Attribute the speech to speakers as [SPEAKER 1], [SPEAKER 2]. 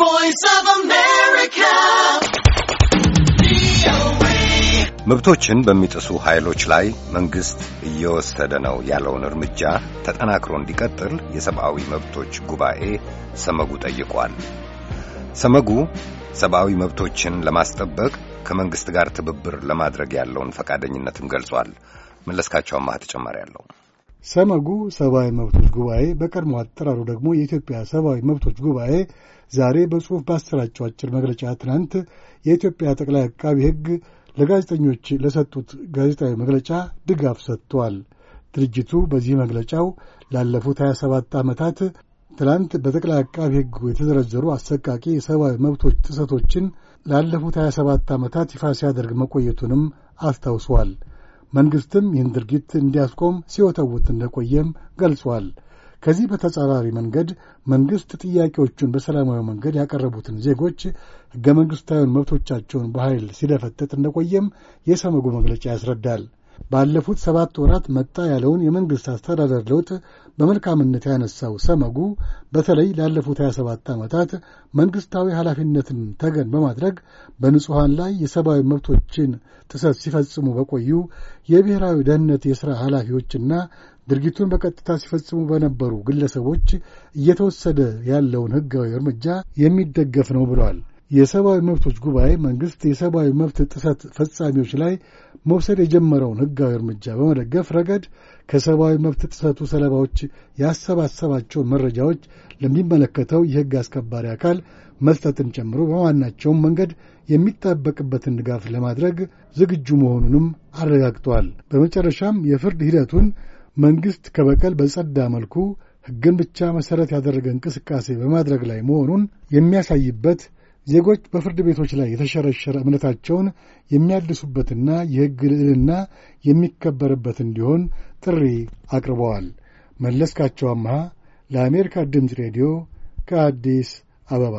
[SPEAKER 1] voice of America.
[SPEAKER 2] መብቶችን በሚጥሱ ኃይሎች ላይ መንግስት እየወሰደ ነው ያለውን እርምጃ ተጠናክሮ እንዲቀጥል የሰብአዊ መብቶች ጉባኤ ሰመጉ ጠይቋል። ሰመጉ ሰብአዊ መብቶችን ለማስጠበቅ ከመንግስት ጋር ትብብር ለማድረግ ያለውን ፈቃደኝነትም ገልጿል። መለስካቸው አማህ ተጨማሪ አለው።
[SPEAKER 1] ሰመጉ ሰብአዊ መብቶች ጉባኤ በቀድሞ አጠራሩ ደግሞ የኢትዮጵያ ሰብአዊ መብቶች ጉባኤ ዛሬ በጽሑፍ ባሰራጨው አጭር መግለጫ ትናንት የኢትዮጵያ ጠቅላይ አቃቢ ሕግ ለጋዜጠኞች ለሰጡት ጋዜጣዊ መግለጫ ድጋፍ ሰጥቷል። ድርጅቱ በዚህ መግለጫው ላለፉት 27 ዓመታት ትናንት በጠቅላይ አቃቢ ህግ የተዘረዘሩ አሰቃቂ የሰብአዊ መብቶች ጥሰቶችን ላለፉት 27 ዓመታት ይፋ ሲያደርግ መቆየቱንም አስታውሷል። መንግሥትም ይህን ድርጊት እንዲያስቆም ሲወተውት እንደቆየም ገልጿል። ከዚህ በተጻራሪ መንገድ መንግሥት ጥያቄዎቹን በሰላማዊ መንገድ ያቀረቡትን ዜጎች ሕገ መንግሥታዊን መብቶቻቸውን በኃይል ሲደፈጥጥ እንደቆየም የሰመጉ መግለጫ ያስረዳል። ባለፉት ሰባት ወራት መጣ ያለውን የመንግሥት አስተዳደር ለውጥ በመልካምነት ያነሳው ሰመጉ በተለይ ላለፉት 27 ዓመታት መንግሥታዊ ኃላፊነትን ተገን በማድረግ በንጹሐን ላይ የሰብአዊ መብቶችን ጥሰት ሲፈጽሙ በቆዩ የብሔራዊ ደህንነት የሥራ ኃላፊዎችና ድርጊቱን በቀጥታ ሲፈጽሙ በነበሩ ግለሰቦች እየተወሰደ ያለውን ሕጋዊ እርምጃ የሚደገፍ ነው ብለዋል። የሰብአዊ መብቶች ጉባኤ መንግሥት የሰብአዊ መብት ጥሰት ፈጻሚዎች ላይ መውሰድ የጀመረውን ሕጋዊ እርምጃ በመደገፍ ረገድ ከሰብአዊ መብት ጥሰቱ ሰለባዎች ያሰባሰባቸውን መረጃዎች ለሚመለከተው የሕግ አስከባሪ አካል መስጠትን ጨምሮ በማናቸውም መንገድ የሚጠበቅበትን ድጋፍ ለማድረግ ዝግጁ መሆኑንም አረጋግጧል። በመጨረሻም የፍርድ ሂደቱን መንግሥት ከበቀል በጸዳ መልኩ ሕግን ብቻ መሠረት ያደረገ እንቅስቃሴ በማድረግ ላይ መሆኑን የሚያሳይበት ዜጎች በፍርድ ቤቶች ላይ የተሸረሸረ እምነታቸውን የሚያድሱበትና የሕግ ልዕልና የሚከበርበት እንዲሆን ጥሪ አቅርበዋል። መለስካቸው አምሃ ለአሜሪካ ድምፅ ሬዲዮ ከአዲስ አበባ